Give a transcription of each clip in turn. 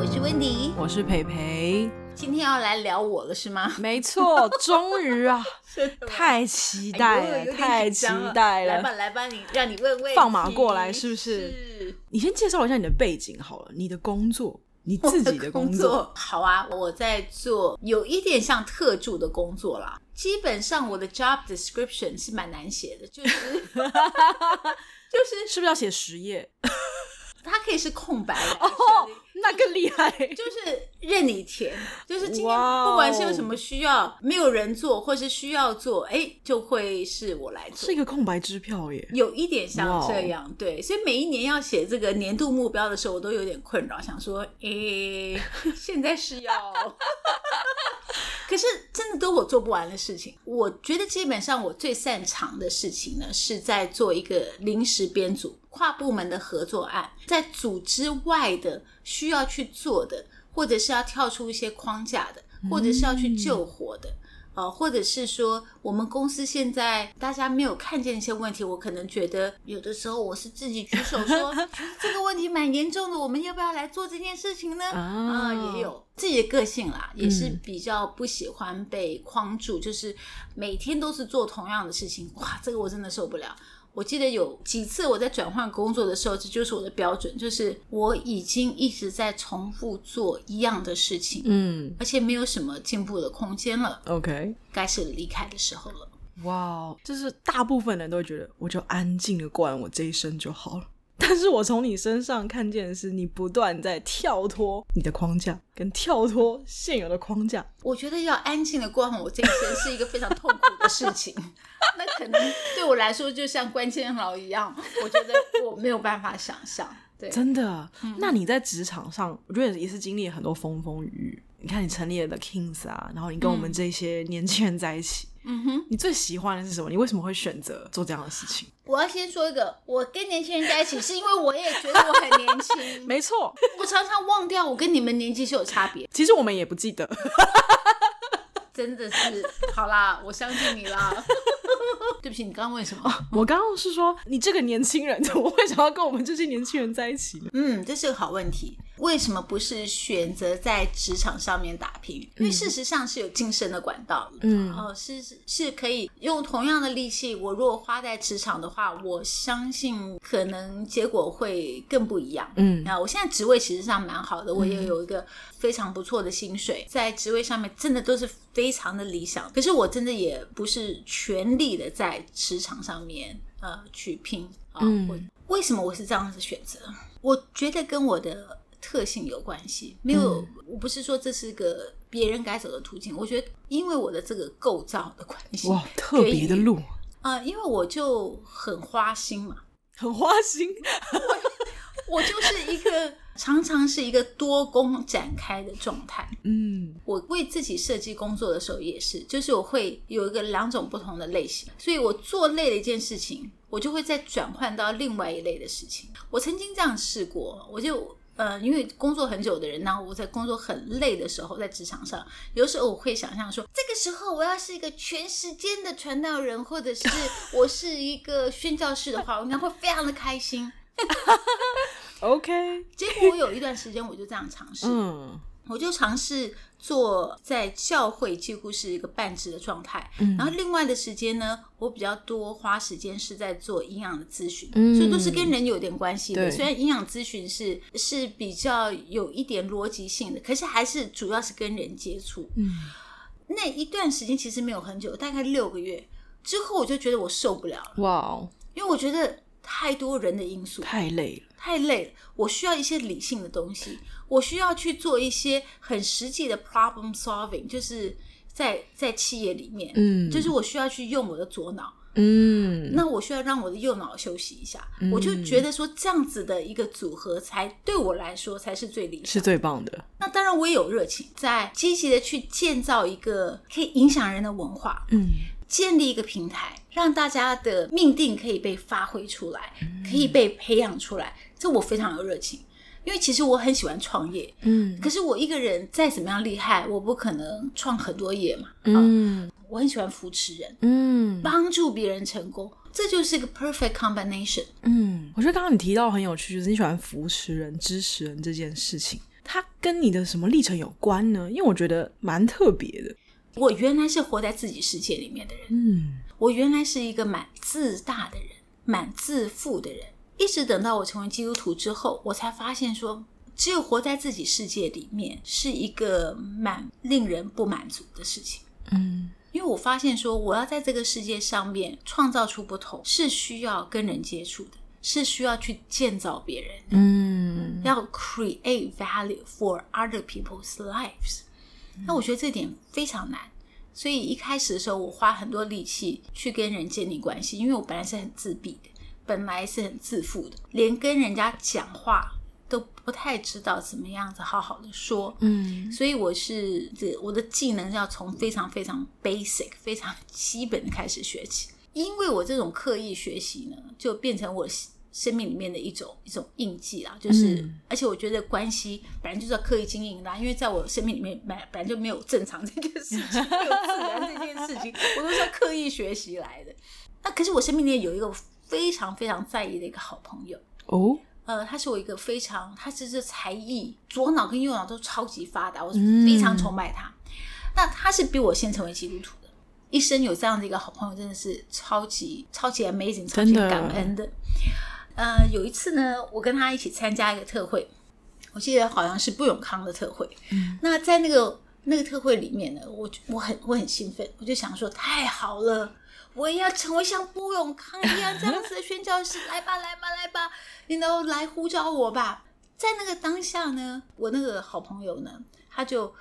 我是溫迪，我是培培，今天要來聊我了是嗎？沒錯，終於啊， 嗎太期待了，哎、太期待了，來吧來吧，你讓你問問，放馬過來是不是？是是你先介紹一下你的背景好了，你的工作，你自己的工，的工作。好啊，我在做有一點像特助的工作啦。基本上我的 job description 是蠻難寫的，就是 就是是不是要寫十頁？它可以是空白哦，oh, 以那更厲害，就是任你填，就是今天不管是有什麼需要 Wow 沒有人做，或是需要做，哎，就會是我來做，是一個空白支票耶，有一點像這樣，Wow 對，所以每一年要寫這個年度目標的時候，我都有點困擾，想說，哎，現在是要， 可是真的都我做不完的事情，我覺得基本上我最擅長的事情呢，是在做一個臨時編組。跨部門的合作案，在組織外的需要去做的，或者是要跳出一些框架的，或者是要去救火的，哦、嗯呃，或者是說我們公司現在大家沒有看見一些問題，我可能覺得有的時候我是自己舉手說 這個問題蠻嚴重的，我們要不要來做這件事情呢？啊、哦呃，也有自己的個性啦，也是比較不喜歡被框住，嗯、就是每天都是做同樣的事情，哇，這個我真的受不了。我記得有幾次我在轉換工作的時候，這就是我的標準，就是我已經一直在重複做一樣的事情，嗯，而且沒有什麼進步的空間了。OK，該是離開的時候了。哇，wow, 就是大部分人都會覺得，我就安靜的過完我這一生就好了。但是我從你身上看見的是，你不斷在跳脫你的框架，跟跳脫現有的框架。我覺得要安靜的過好我這一生是一個非常痛苦的事情， 那可能對我來說就像關監牢一樣，我覺得我沒有辦法想象。對，真的。嗯、那你在職場上，我覺得也是經歷很多風風雨雨。你看你成立了的、The King's 啊，然後你跟我們這些年輕人在一起。嗯嗯哼，你最喜歡的是什麼？你為什麼會選擇做這樣的事情？我要先說一個，我跟年輕人在一起是因為我也覺得我很年輕。 沒錯，我常常忘掉我跟你們年紀是有差別。其實我們也不記得， 真的是。好啦，我相信你啦， 對不起，你剛剛為什麼？哦，我剛剛是說，你這個年輕人怎麼會想要跟我們這些年輕人在一起呢？嗯，這是個好問題。為什麼不是選擇在職場上面打拼？因為事實上是有晉升的管道，嗯，哦、是是可以用同樣的力氣，我如果花在職場的話，我相信可能結果會更不一樣，嗯，那、啊、我現在職位其實上蠻好的，我也有一個非常不錯的薪水，嗯、在職位上面真的都是非常的理想，可是我真的也不是全力的在職場上面呃去拼，啊、嗯，為什麼我是這樣子選擇？我覺得跟我的。特性有關係，沒有，我不是說這是個別人該走的途徑。我覺得，因為我的這個構造的關係，哇，特別的路啊，呃，因為我就很花心嘛，很花心 我，我就是一個常常是一個多工展開的狀態。嗯，我為自己設計工作的時候也是，就是我會有一個兩種不同的類型，所以我做累了一件事情，我就會再轉換到另外一類的事情。我曾經這樣試過，我就。呃，因為工作很久的人，那我在工作很累的時候，在職場上，有時候我會想象說，這個時候我要是一個全時間的傳道人，或者是我是一個宣教士的話，我應該會非常的開心。 OK，結果我有一段時間我就這樣嘗試， 我就嘗試。做在教會幾乎是一個半職的狀態，嗯、然後另外的時間呢，我比較多花時間是在做營養的諮詢，嗯、所以都是跟人有點關係的。對雖然營養諮詢是是比較有一點邏輯性的，可是還是主要是跟人接觸。嗯、那一段時間其實沒有很久，大概六個月之後，我就覺得我受不了了。哇，因為我覺得太多人的因素，太累了，太累了。我需要一些理性的東西。我需要去做一些很實際的 problem solving，就是在在企業裡面，嗯，就是我需要去用我的左腦，嗯，那我需要讓我的右腦休息一下，嗯，我就覺得說這樣子的一個組合才對我來說才是最理想，是最棒的。那當然我也有熱情，在積極的去建造一個可以影響人的文化，嗯，建立一個平台，讓大家的命定可以被發揮出來，嗯，可以被培養出來，這我非常有熱情。因為其實我很喜歡創業，嗯，可是我一個人再怎麼樣厲害，我不可能創很多業嘛，嗯、啊，我很喜歡扶持人，嗯，幫助別人成功，這就是一個 perfect combination，嗯，我覺得剛剛你提到很有趣，就是你喜歡扶持人、支持人這件事情，它跟你的什麼歷程有關呢？因為我覺得蠻特別的。我原來是活在自己世界裡面的人，嗯，我原來是一個蠻自大的人，蠻自負的人。一直等到我成為基督徒之後，我才發現說，只有活在自己世界裡面是一個蠻令人不滿足的事情。嗯，因為我發現說，我要在這個世界上面創造出不同，是需要跟人接觸的，是需要去建造別人的。嗯，要 create value for other people's lives。那我覺得這點非常難，所以一開始的時候，我花很多力氣去跟人建立關係，因為我本來是很自閉的。本來是很自負的，連跟人家講話都不太知道怎麼樣子好好的說。嗯，所以我是這，我的技能是要從非常非常 basic、非常基本的開始學起。因為我這種刻意學習呢，就變成我生命裡面的一種一種印記啦。就是、嗯、而且我覺得關係本來就是要刻意經營啦，因為在我生命裡面，本本來就沒有正常這件事情，沒有自然這件事情， 我都是要刻意學習來的。那可是我生命裡面有一個。非常非常在意的一個好朋友哦，oh? 呃，他是我一個非常，他只是這才藝，左腦跟右腦都超級發達，我非常崇拜他。嗯、那他是比我先成為基督徒的，一生有這樣的一個好朋友，真的是超級超級 amazing，真的超級感恩的。呃，有一次呢，我跟他一起參加一個特會，我記得好像是布永康的特會。嗯、那在那個那個特會裡面呢，我我很我很興奮，我就想說，太好了。我也要成為像布永康一樣這樣子的宣教士， 來吧，來吧，來吧，你 you 都 know，來呼召我吧。在那個當下呢，我那個好朋友呢，他就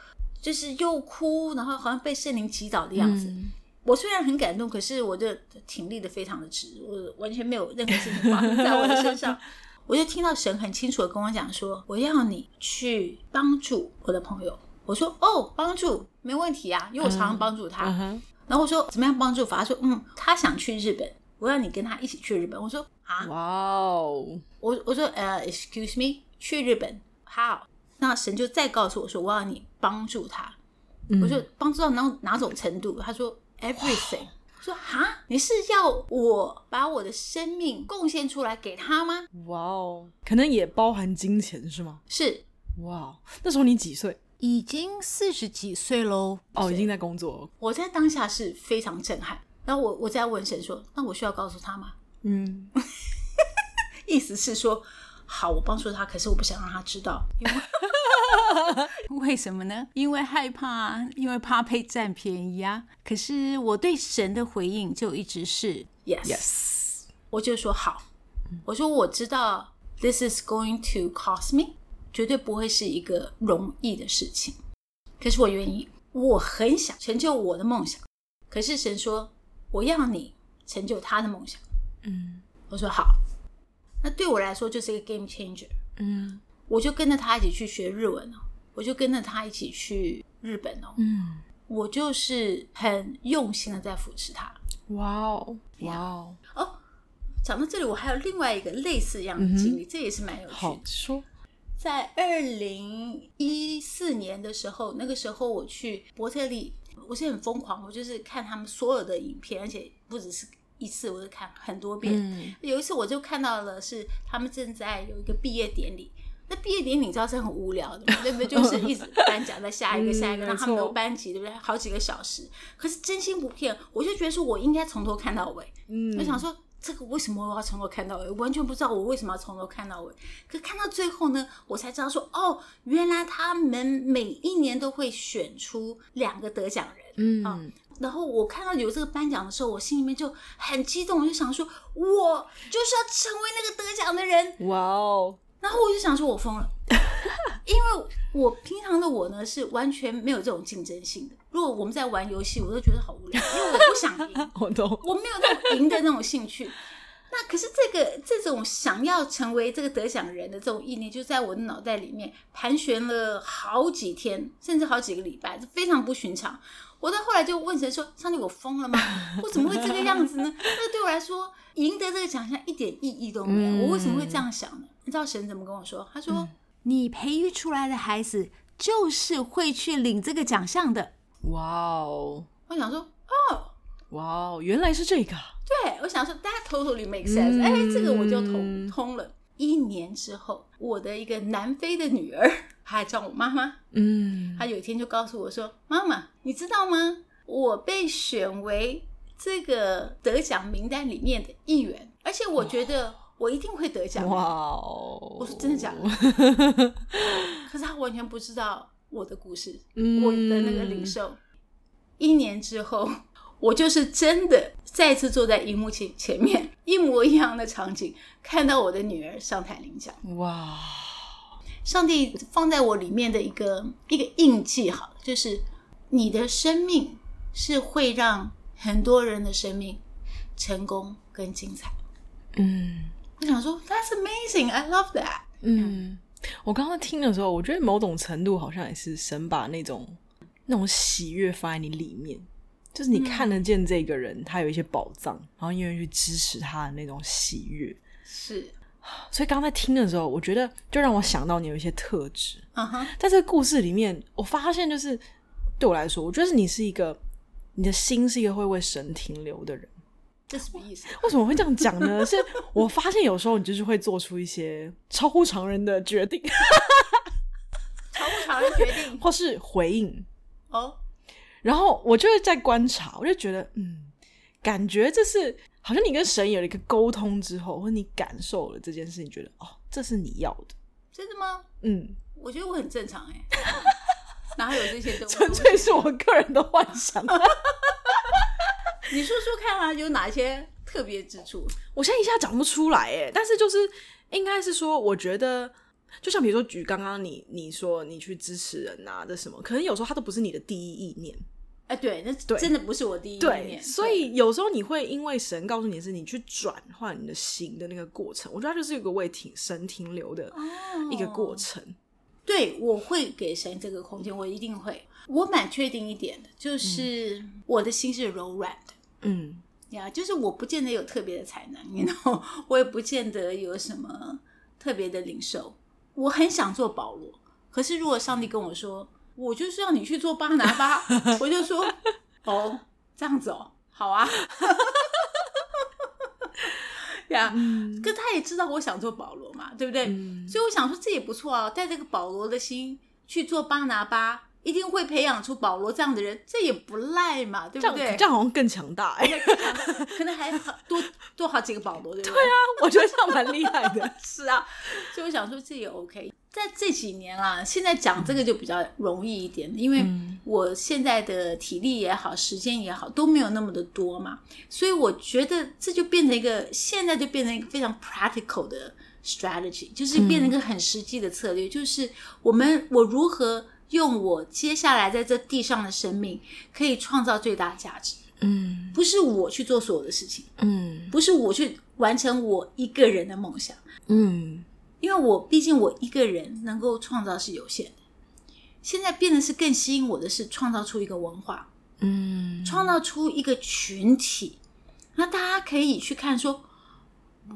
就是又哭，然後好像被聖靈擊倒的樣子。嗯、我雖然很感動，可是我就挺立的非常的直，我完全沒有任何事情發生在我的身上。 我就聽到神很清楚的跟我講說：“我要你去幫助我的朋友。”我說：“哦，幫助沒問題啊，因為我常常幫助他。嗯”嗯然後我說，怎麼樣幫助法？他說嗯，他想去日本，我要你跟他一起去日本。我說啊，哇哦 Wow.，我我說呃、uh,，excuse me，去日本？How？那神就再告訴我說，我要你幫助他。嗯、我說，幫助到哪哪種程度？他說 everything。Wow. 說啊，你是要我把我的生命貢獻出來給他嗎？哇哦，可能也包含金錢是嗎？是哇哦，wow. 那時候你幾歲？已經四十幾歲嘍，哦，對已經在工作。我在當下是非常震撼。然後我我在問神說：“那我需要告訴他嗎？”嗯， 意思是說，好，我幫助他，可是我不想讓他知道，因為, 為什麼呢？因為害怕，因為怕被占便宜啊。可是我對神的回應就一直是 yes，yes. 我就說好，我說我知道、嗯、this is going to cost me。絕對不會是一個容易的事情，可是我願意，我很想成就我的夢想。可是神說，我要你成就他的夢想。嗯，我說好，那對我來說就是一個 game changer。嗯，我就跟着他一起去學日文哦，我就跟着他一起去日本哦。嗯，我就是很用心的在扶持他。哇哦，哇哦，哦，講到這裡，我還有另外一個類似一樣的經歷，嗯哼，這也是蠻有趣的。好，說。在二零一四年的時候，那個時候我去伯特利，我是很瘋狂，我就是看他們所有的影片，而且不只是一次，我就看很多遍。嗯、有一次我就看到了是他們正在有一個畢業典禮，那畢業典禮你知道是很無聊的嘛，對不對？就是一直頒獎，再下一個下一個，讓他們都頒獎，對不對？好幾個小時，可是真心不騙，我就覺得是我應該從頭看到尾。嗯，我想說。這個為什麼我要從頭看到尾？完全不知道我為什麼要從頭看到尾。可看到最後呢，我才知道說哦，原來他們每一年都會選出兩個得獎人，嗯、啊，然後我看到有這個頒獎的時候，我心裡面就很激動，我就想說，我就是要成為那個得獎的人，哇哦！然後我就想說，我瘋了，因為我平常的我呢是完全沒有這種競爭性的。如果我們在玩遊戲，我都覺得好無聊，因為我不想贏，我沒有那種贏的那種興趣。那可是這個這種想要成為這個得獎人的這種意念，就在我的腦袋裡面盤旋了好幾天，甚至好幾個禮拜，這非常不尋常。我到後來就問神說：“上帝，我瘋了嗎？我怎麼會這個樣子呢？那對我來說，贏得這個獎項一點意義都沒有，我為什麼會這樣想呢？”你知道神怎麼跟我說？他說：“嗯、你培育出來的孩子就是會去領這個獎項的。”哇哦！我想說，哦，哇哦，原來是這個。對，我想說，大家 totally makes sense、嗯。哎、欸，這個我就通通了。一年之後，我的一個南非的女兒，她還叫我媽媽。嗯，她有一天就告訴我說：“媽媽，你知道嗎？我被選為這個得獎名單裡面的一員。”而且我覺得。我一定會得獎的。哇哦 Wow！我說真的假的？ 可是他完全不知道我的故事，嗯、我的那個領受。一年之後，我就是真的再次坐在熒幕前前面，一模一樣的場景，看到我的女兒上台領獎。哇 Wow！上帝放在我裡面的一個一個印記，哈，就是你的生命是會讓很多人的生命成功跟精彩。嗯。你想說，That's amazing! I love that。嗯，我剛剛聽的時候，我覺得某種程度好像也是神把那種那種喜悅放在你裡面，就是你看得見這個人他有一些寶藏，然後願意去支持他的那種喜悅。是，所以剛才聽的時候，我覺得就讓我想到你有一些特質。啊哈、Uh-huh. 在這個故事裡面，我發現就是對我來說，我覺得你是一個，你的心是一個會為神停留的人。這是什麼意思？為什麼會這樣講呢？是，我發現有時候你就是會做出一些超乎常人的決定， 超乎常人決定，或是回應哦。Oh? 然後我就是在觀察，我就覺得嗯，感覺這是好像你跟神有了一個溝通之後，或你感受了這件事情，你覺得哦，這是你要的，真的嗎？嗯，我覺得我很正常哎、欸， 哪有這些東西，純粹是我個人的幻想。 你說說看啊，有哪些特別之處？我現在一下講不出來哎，但是就是應該是說，我覺得就像比如說舉剛剛你你說你去支持人吶、啊、這什麼，可能有時候他都不是你的第一意念。哎、啊、對，那真的不是我第一意念對對。所以有時候你會因為神告訴你是你去轉換你的心的那個過程，我覺得它就是一個為停神停留的一個過程。哦、對，我會給神這個空間，我一定會，我蠻確定一點的，就是我的心是柔軟的。嗯，呀，yeah, 就是我不見得有特別的才能，你知道，我也不見得有什麼特別的領受。我很想做保羅，可是如果上帝跟我說，我就是要你去做巴拿巴， 我就說，哦，這樣子哦，好啊。呀 Yeah,、嗯，可他也知道我想做保羅嘛，對不對？嗯、所以我想說，這也不錯啊，帶這個保羅的心去做巴拿巴。一定會培養出保羅這樣的人，這也不賴嘛，對不對？這樣，這樣好像更強大對。哎， 可能還好多多好幾個保羅對不對？對啊，我覺得這樣蠻厲害的。 是啊，所以我想說這也 OK。在這幾年啦，現在講這個就比較容易一點，因為我現在的體力也好，時間也好都沒有那麼的多嘛，所以我覺得這就變成一個現在就變成一個非常 practical 的 strategy，就是變成一個很實際的策略，嗯、就是我們我如何。用我接下來在這地上的生命，可以創造最大價值。嗯，不是我去做所有的事情。嗯，不是我去完成我一個人的夢想。嗯，因為我畢竟我一個人能夠創造是有限的。現在變得是更吸引我的是創造出一個文化。嗯，創造出一個群體，那大家可以去看說。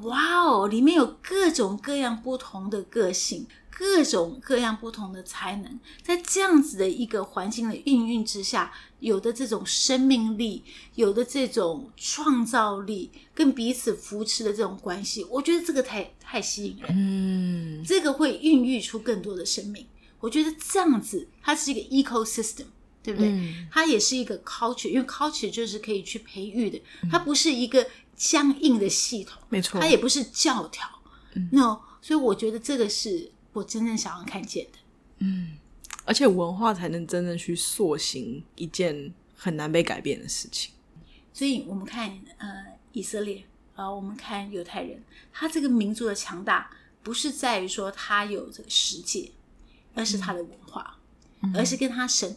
哇哦！Wow, 裡面有各種各樣不同的個性，各種各樣不同的才能，在這樣子的一個環境的孕育之下，有的這種生命力，有的這種創造力，跟彼此扶持的這種關係，我覺得這個太太吸引人。嗯，這個會孕育出更多的生命。我覺得這樣子，它是一個 ecosystem，對不對？嗯，它也是一個 culture，因為 culture 就是可以去培育的，它不是一個。相應的系統，沒錯，它也不是教條，嗯，no 所以我覺得這個是我真正想要看見的，嗯，而且文化才能真正去塑形一件很難被改變的事情。所以我們看呃以色列啊，我們看猶太人，他這個民族的強大不是在於說他有這個實際，而是他的文化，嗯、而是跟他神。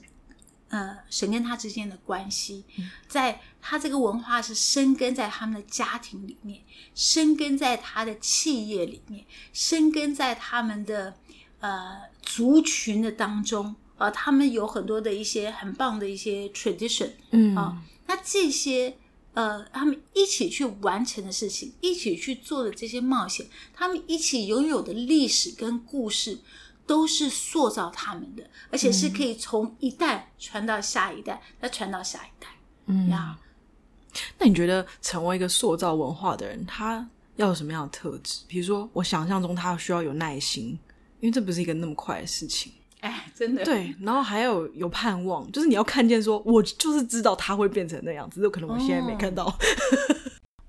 呃，神跟他之間的關係，在他這個文化是生根在他們的家庭裡面，生根在他的企業裡面，生根在他們的呃族群的當中啊、呃。他們有很多的一些很棒的一些 tradition，嗯啊、哦，那這些呃，他們一起去完成的事情，一起去做的這些冒險，他們一起擁有的歷史跟故事。都是塑造他們的，而且是可以從一代傳到下一代，嗯、再傳到下一代。嗯，Yeah 那你覺得成為一個塑造文化的人，他要有什麼樣的特質？比如說，我想象中他需要有耐心，因為這不是一個那麼快的事情。哎、欸，真的。對，然後還有有盼望，就是你要看見說，說我就是知道他會變成那樣子，就可能我現在沒看到。哦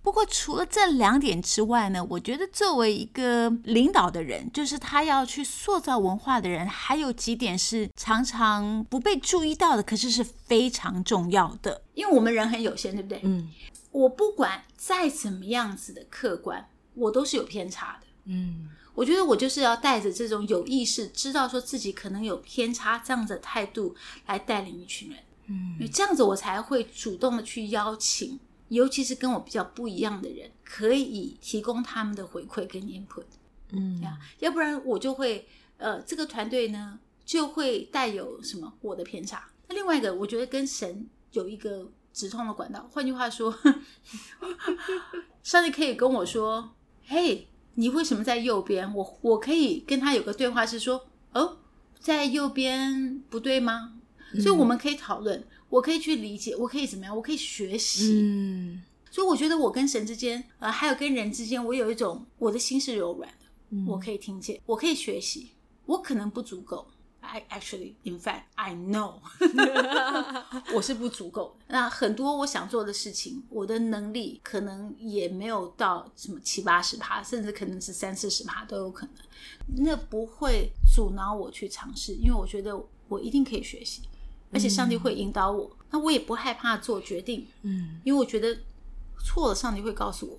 不過，除了這兩點之外呢，我覺得作為一個領導的人，就是他要去塑造文化的人，還有幾點是常常不被注意到的，可是是非常重要的。因為我們人很有限，對不對？嗯，我不管再怎麼樣子的客觀，我都是有偏差的。嗯，我覺得我就是要帶着這種有意識，知道說自己可能有偏差這樣子的態度來帶領一群人。嗯，因為這樣子我才會主動的去邀請。尤其是跟我比較不一樣的人，可以提供他們的回饋跟 input，嗯呀，要不然我就會，呃，這個團隊呢就會帶有什麼我的偏差。那另外一個，我覺得跟神有一個直通的管道，換句話說， 上帝可以跟我說：“嘿、hey,，你為什麼在右邊？”我我可以跟他有個對話，是說：“哦、oh,，在右邊不對嗎？”嗯、所以我們可以討論。我可以去理解，我可以怎麼樣？我可以學習。嗯，mm. 所以我覺得我跟神之間，呃，還有跟人之間，我有一種我的心是柔軟的，mm. 我可以聽見，我可以學習。我可能不足夠，I actually, in fact, I know， 我是不足夠的。那很多我想做的事情，我的能力可能也沒有到什麼七八十趴，甚至可能是三四十趴都有可能。那不會阻撓我去嘗試，因為我覺得我一定可以學習。而且上帝會引導我，嗯、那我也不害怕做決定。嗯，因為我覺得錯了，上帝會告訴我。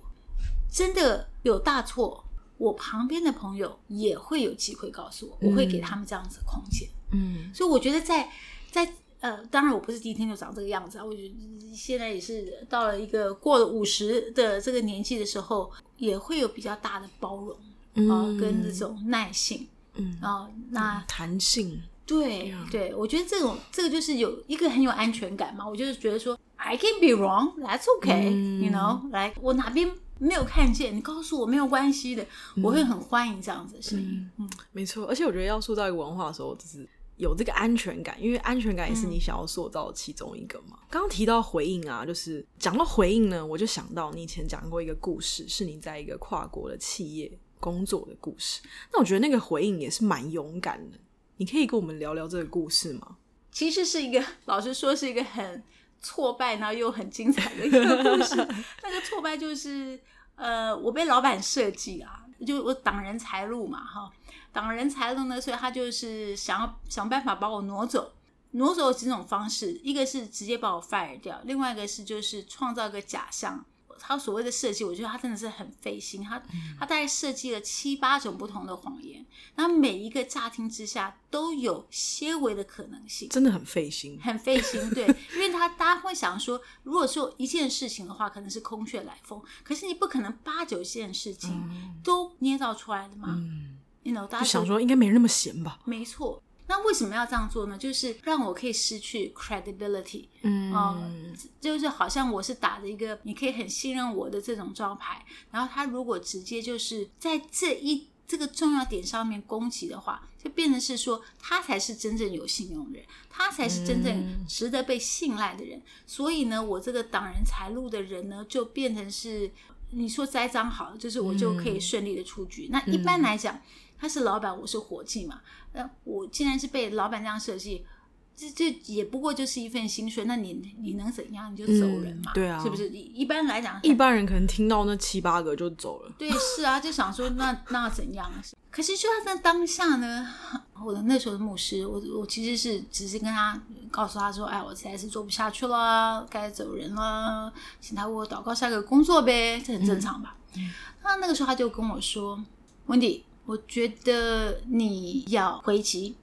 真的有大錯，我旁邊的朋友也會有機會告訴我。嗯、我會給他們這樣子空間。嗯，所以我覺得在在呃，當然我不是第一天就長這個樣子啊。我覺得現在也是到了一個過了五十的這個年紀的時候，也會有比較大的包容嗯、哦，跟這種耐性。嗯，啊、哦，那彈性。對對，我覺得這種這個就是有一個很有安全感嘛。我就是覺得說，I can be wrong, that's okay, 嗯，you know, like。來，我哪邊沒有看見，你告訴我沒有關係的，我會很歡迎這樣子的聲音，嗯。嗯，沒錯。而且我覺得要塑造一個文化的時候，就是有這個安全感，因為安全感也是你想要塑造的其中一個嘛。嗯、剛剛提到回應啊，就是講到回應呢，我就想到你以前講過一個故事，是你在一個跨國的企業工作的故事。那我覺得那個回應也是蠻勇敢的。你可以跟我們聊聊這個故事嗎？其實是一個，老實說是一個很挫敗，然後又很精彩的一個故事。 那個挫敗就是，呃，我被老板設計啊，就我擋人財路嘛，哈、哦，擋人財路呢，所以他就是想要想辦法把我挪走。挪走有幾種方式，一個是直接把我 fire 掉，另外一個是就是創造個假象。他所謂的設計，我覺得他真的是很費心。他他大概設計了七八種不同的謊言，他每一個乍聽之下都有些微的可能性，真的很費心，很費心。對，因為他大家會想說，如果說一件事情的話，可能是空穴來風，可是你不可能八九件事情都捏造出來的嘛。嗯，你想，you know，大家想，想說應該沒那麼閒吧？沒錯。那為什麼要這樣做呢？就是讓我可以失去 credibility，嗯，嗯、呃、就是好像我是打着一個你可以很信任我的這種招牌，然後他如果直接就是在這一這個重要點上面攻擊的話，就變成是說他才是真正有信用的人，他才是真正值得被信賴的人，嗯、所以呢，我這個擋人財路的人呢，就變成是你說栽贓好了，就是我就可以順利的出局。嗯、那一般來講。他是老闆，我是夥計嘛。那我既然是被老闆這樣設計，這這也不過就是一份薪水。那你你能怎樣？你就走人嘛？嗯、對啊，是不是？一、一般來講，一般人可能聽到那七八個就走了。對，是啊，就想說那那怎樣？ 可是就在那當下呢，我的那時候的牧師，我我其實是只是跟他告訴他說：“哎，我實在是做不下去了，該走人了，請他為我禱告下個工作唄，這很正常吧？”那、嗯嗯、那個時候他就跟我說：“溫迪。”我覺得你要回擊，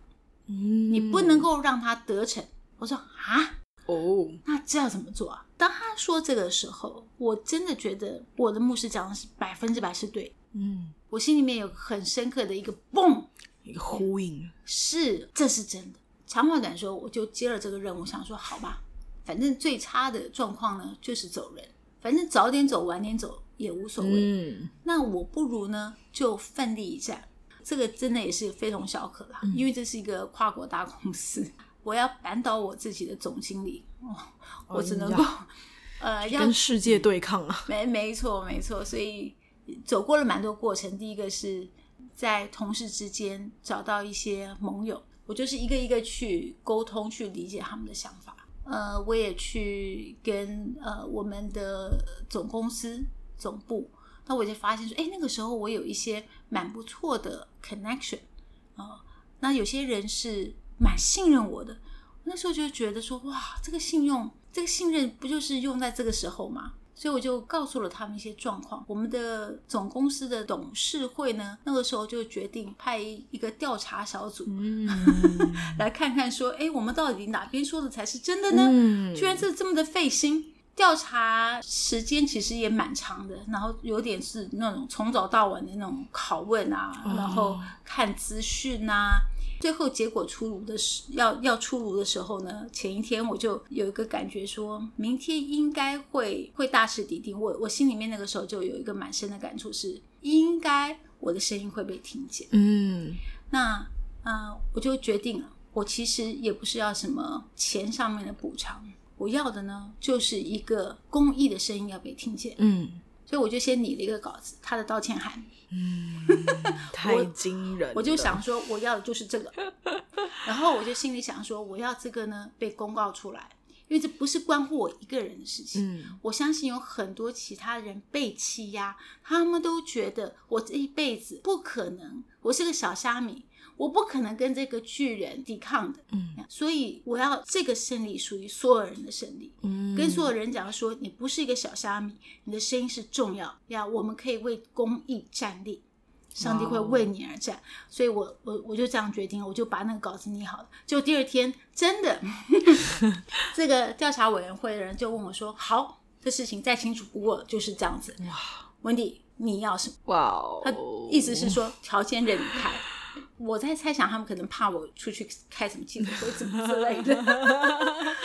嗯，你不能夠讓他得逞。嗯，我說啊，哦，oh. 那這要怎麼做啊？當他說這個時候，我真的覺得我的牧師講的是百分之百是對。嗯，我心裡面有很深刻的一個“嘣”，一個呼應。是，這是真的。長話短說，我就接了這個任務，想說好吧，反正最差的狀況呢，就是走人，反正早點走，晚點走。也無所謂。嗯，那我不如呢，就奮力一戰。這個真的也是非同小可啦，嗯、因為這是一個跨國大公司，我要扳倒我自己的總經理。哦，我只能夠，哦、呃，跟要跟世界對抗啊。沒，沒錯，沒錯。所以走過了蠻多過程。第一個是在同事之間找到一些盟友，我就是一個一個去溝通，去理解他們的想法。呃，我也去跟呃我們的總公司。總部，那我就發現說，哎，那個時候我有一些蠻不錯的 connection 啊、哦，那有些人是蠻信任我的。我那時候就覺得說，哇，這個信用，這個信任，不就是用在這個時候嗎？所以我就告訴了他們一些狀況。我們的總公司的董事會呢，那個時候就決定派一個調查小組，嗯、 來看看說，哎，我們到底哪邊說的才是真的呢？嗯、居然是這麼的費心。調查時間其實也蠻長的，然後有點是那種從早到晚的那種拷問啊，oh. 然後看資訊啊。最後結果出爐的時，要要出爐的時候呢，前一天我就有一個感覺，說明天應該會會大勢抵定。我我心裡面那個時候就有一個蠻深的感觸是，是應該我的聲音會被聽見。嗯、mm.，那、呃、嗯，我就決定了，我其實也不是要什麼錢上面的補償。我要的呢，就是一個公益的聲音要被聽見。嗯，所以我就先擬了一個稿子，他的道歉函。嗯 我，太驚人了！我就想說，我要的就是這個。然後我就心裡想說，我要這個呢被公告出來，因為這不是關乎我一個人的事情。嗯，我相信有很多其他人被欺壓，他們都覺得我這一輩子不可能，我是個小蝦米。我不可能跟這個巨人抵抗的。嗯，所以我要這個勝利屬於所有人的勝利，嗯，跟所有人講說，你不是一個小蝦米，你的聲音是重要，要我們可以為公義站立，上帝會為你而戰，哇所以我我我就這樣決定，我就把那個稿子擬好了，結果第二天真的，呵呵 這個調查委員會的人就問我說，好，這事情再清楚不過了，就是這樣子，哇，Wendy，你要什麼？哇，他意思是說條件讓你開。我在猜想，他們可能怕我出去開什麼記者會，什麼之類的。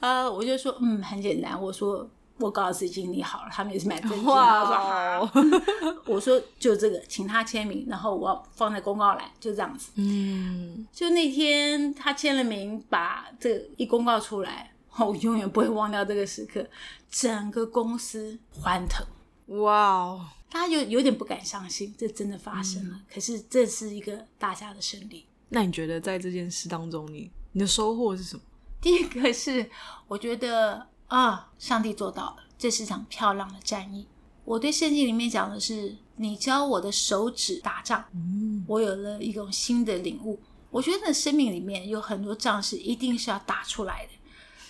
啊，我就說，嗯，很簡單，我說我搞自經理好了，他們也是買珍惜的。Wow. 好不好 我說好，我說就這個，請他簽名，然後我要放在公告欄，就這樣子。嗯，mm. 就那天他簽了名，把這一公告出來，我永遠不會忘掉這個時刻，整個公司歡騰。哇哦！Wow 大家有有點不敢相信，這真的發生了。嗯、可是這是一個大家的勝利。那你覺得在這件事當中你，你你的收穫是什麼？第一個是，我覺得啊，上帝做到了，這是一場漂亮的戰役。我對聖經裡面講的是，你教我的手指打仗，嗯、我有了一種新的領悟。我覺得生命裡面有很多仗是一定是要打出來的。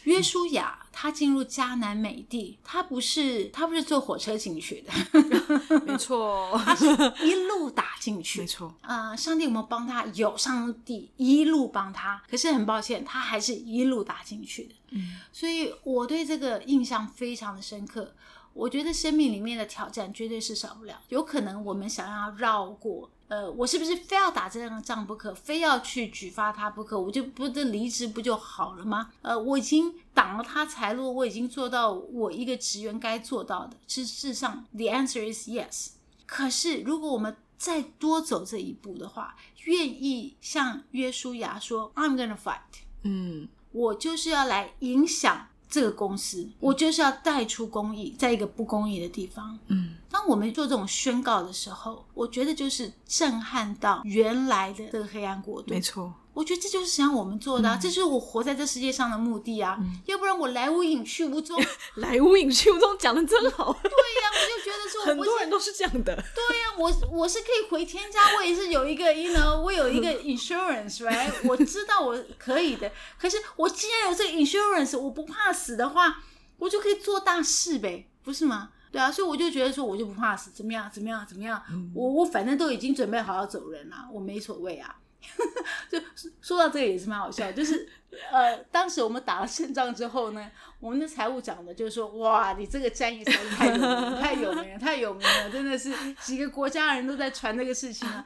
約書亞。嗯他進入迦南美地，他不是他不是坐火車進去的， 沒錯，他是一路打進去，沒錯。啊、呃，上帝有沒有幫他？有，上帝一路幫他。可是很抱歉，他還是一路打進去的。嗯，所以我對這個印象非常的深刻。我覺得生命裡面的挑戰絕對是少不了，有可能我們想要繞過。呃，我是不是非要打這樣的仗不可？非要去舉發他不可？我就不這離職不就好了嗎？呃，我已經擋了他財路，我已經做到我一個職員該做到的。事實上，the answer is yes。可是如果我們再多走這一步的話，願意向約書亞說：“I'm gonna fight。”嗯，我就是要來影響。這個公司，我就是要帶出公義，在一個不公義的地方。嗯，當我們做這種宣告的時候，我覺得就是震撼到原來的這個黑暗國度。沒錯。我覺得這就是想我們做的，啊，嗯、這是我活在這世界上的目的啊！嗯、要不然我來無影去無蹤， 來無影去無蹤，講得真好。 對呀，啊，我就覺得說我，很多人都是這樣的。對呀，啊，我我是可以回天家，我也是有一個 you know, 我有一個 insurance right? 我知道我可以的。可是我既然有這個 insurance，我不怕死的話，我就可以做大事唄，不是嗎？對啊，所以我就覺得說我就不怕死，怎麼樣，怎麼樣，怎麼樣？我我反正都已經準備好要走人了，我沒所謂啊。 就說到這個也是蠻好笑，就是呃，當時我們打了勝仗之後呢，我們的財務長呢就是說：“哇，你這個戰役才太有名， 太有名，太有名了！真的是幾個國家人都在傳這個事情啊。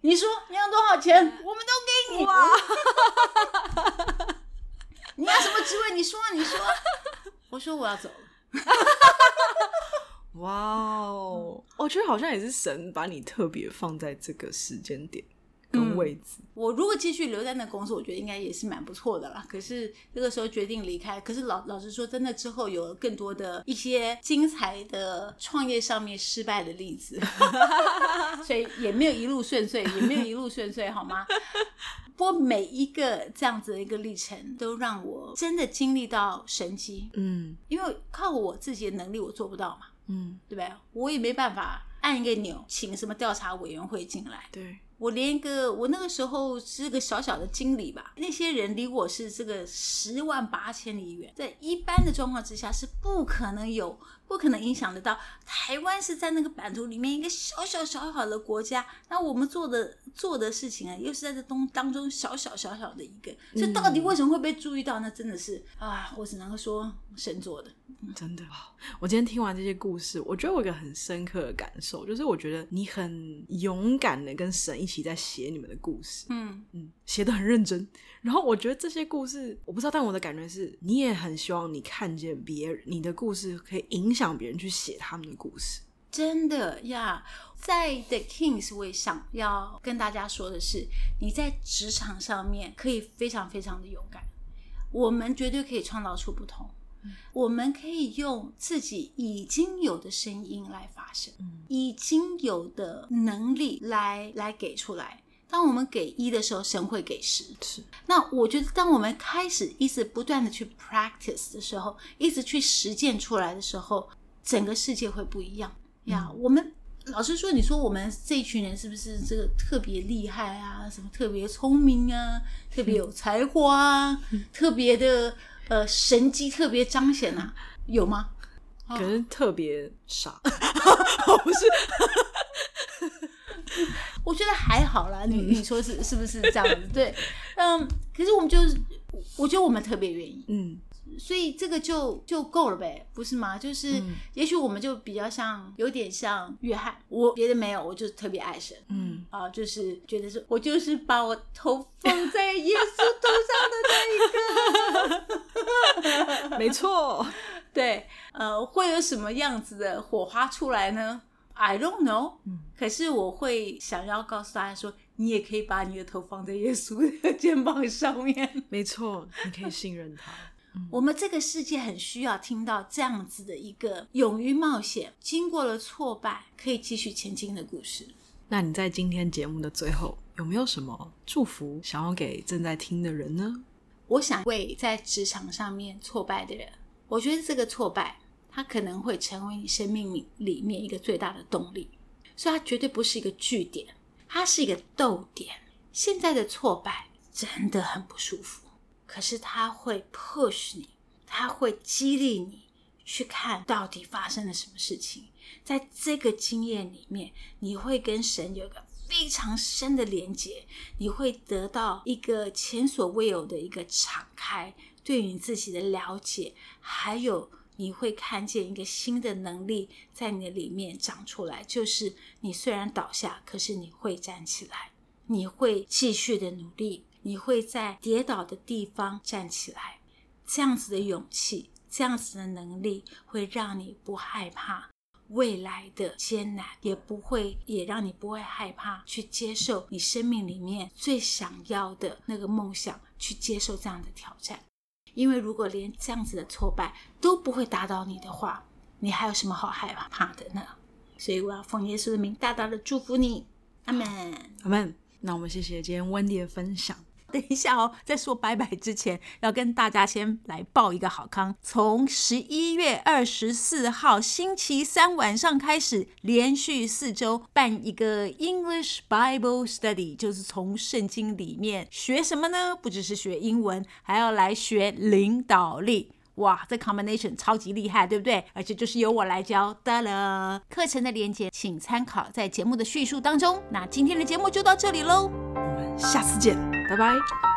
你說你要多少錢，我們都給你。 你要什麼職位，你說，你說。我說我要走。哇哦，我覺得好像也是神把你特別放在這個時間點。”個位置、嗯，我如果繼續留在那個公司，我覺得應該也是蠻不錯的啦。可是那個時候決定離開，可是老老實說，真的之後有了更多的一些精彩的創業上面失敗的例子， 所以也沒有一路順遂，也沒有一路順遂，好嗎？ 不過每一個這樣子的一個歷程，都讓我真的經歷到神蹟，嗯，因為靠我自己的能力，我做不到嘛，嗯，對不對？我也沒辦法。按一個鈕，請什麼調查委員會進來？對。我連一個，我那個時候是一個小小的經理吧。那些人離我是這個十萬八千里遠，在一般的狀況之下是不可能有，不可能影響得到。台灣是在那個版圖裡面一個小小小小小的國家，那我們做的做的事情啊，又是在這東當中小小小小的一個，這、嗯、到底為什麼會被注意到？那真的是啊，我只能說神做的。真的，我今天聽完這些故事，我覺得我有一個很深刻的感受，就是我覺得你很勇敢的跟神一起在寫你們的故事，嗯嗯，寫得很認真。然後我覺得這些故事，我不知道，但我的感覺是，你也很希望你看見別人，你的故事可以影響別人去寫他們的故事。真的呀，yeah. 在 The King's，我也想要跟大家說的是，你在職場上面可以非常非常的勇敢，我們絕對可以創造出不同。 我們可以用自己已經有的聲音來發聲，已經、嗯、有的能力來來給出來。當我們給一的時候，神會給十。是那我覺得，當我們開始一直不斷的去 practice 的時候，一直去實踐出來的時候，整個世界會不一樣呀。嗯、yeah, 我們老實說，你說我們這群人是不是這個特別厲害啊？什麼特別聰明啊？特別有才華，啊是？特別的。呃，神蹟特別彰顯啊，有嗎？啊、可是特別傻。 我覺得還好啦，你你說是 是不是這樣子？對，嗯，可是我們就是，我覺得我們特別願意，嗯。所以這個就就夠了唄，不是嗎？就是也許我們就比較像，有點像約翰。我別的沒有，我就特別愛神。嗯啊、呃，就是覺得是我就是把我頭放在耶穌頭上的那一個。沒錯， 對，呃，會有什麼樣子的火花出來呢？I don't know。嗯，可是我會想要告訴大家說，你也可以把你的頭放在耶穌的肩膀上面。沒錯，你可以信任他。 嗯、我們這個世界很需要聽到這樣子的一個勇於冒險、經過了挫敗可以繼續前進的故事。那你在今天節目的最後有沒有什麼祝福想要給正在聽的人呢？我想為在職場上面挫敗的人，我覺得這個挫敗它可能會成為你生命裡裡面一個最大的動力，所以它絕對不是一個句點，它是一個逗點。現在的挫敗真的很不舒服。可是他會 push 你，他會激勵你去看到底發生了什麼事情。在這個經驗裡面，你會跟神有個非常深的連接，你會得到一個前所未有的一個敞開，對你自己的了解，還有你會看見一個新的能力在你的裡面長出來。就是你雖然倒下，可是你會站起來，你會繼續的努力。你會在跌倒的地方站起來，這樣子的勇氣，這樣子的能力，會讓你不害怕未來的艱難，也不會也讓你不會害怕去接受你生命裡面最想要的那個夢想，去接受這樣的挑戰。因為如果連這樣子的挫敗都不會打倒你的話，你還有什麼好害怕的呢？所以我要奉耶穌的名，大大的祝福你，阿門，阿門。那我們謝謝今天 Wendy 的分享。等一下哦，在說拜拜之前，要跟大家先來報一個好康。從十一月二十四號星期三晚上開始，連續四周辦一個 English Bible Study，就是從聖經裡面學什麼呢？不只是學英文，還要來學領導力。哇，這 combination 超級厲害，對不對？而且就是由我來教。噠啦，課程的連結請參考在節目的敘述當中。那今天的節目就到這裡嘍，我們下次見。拜拜。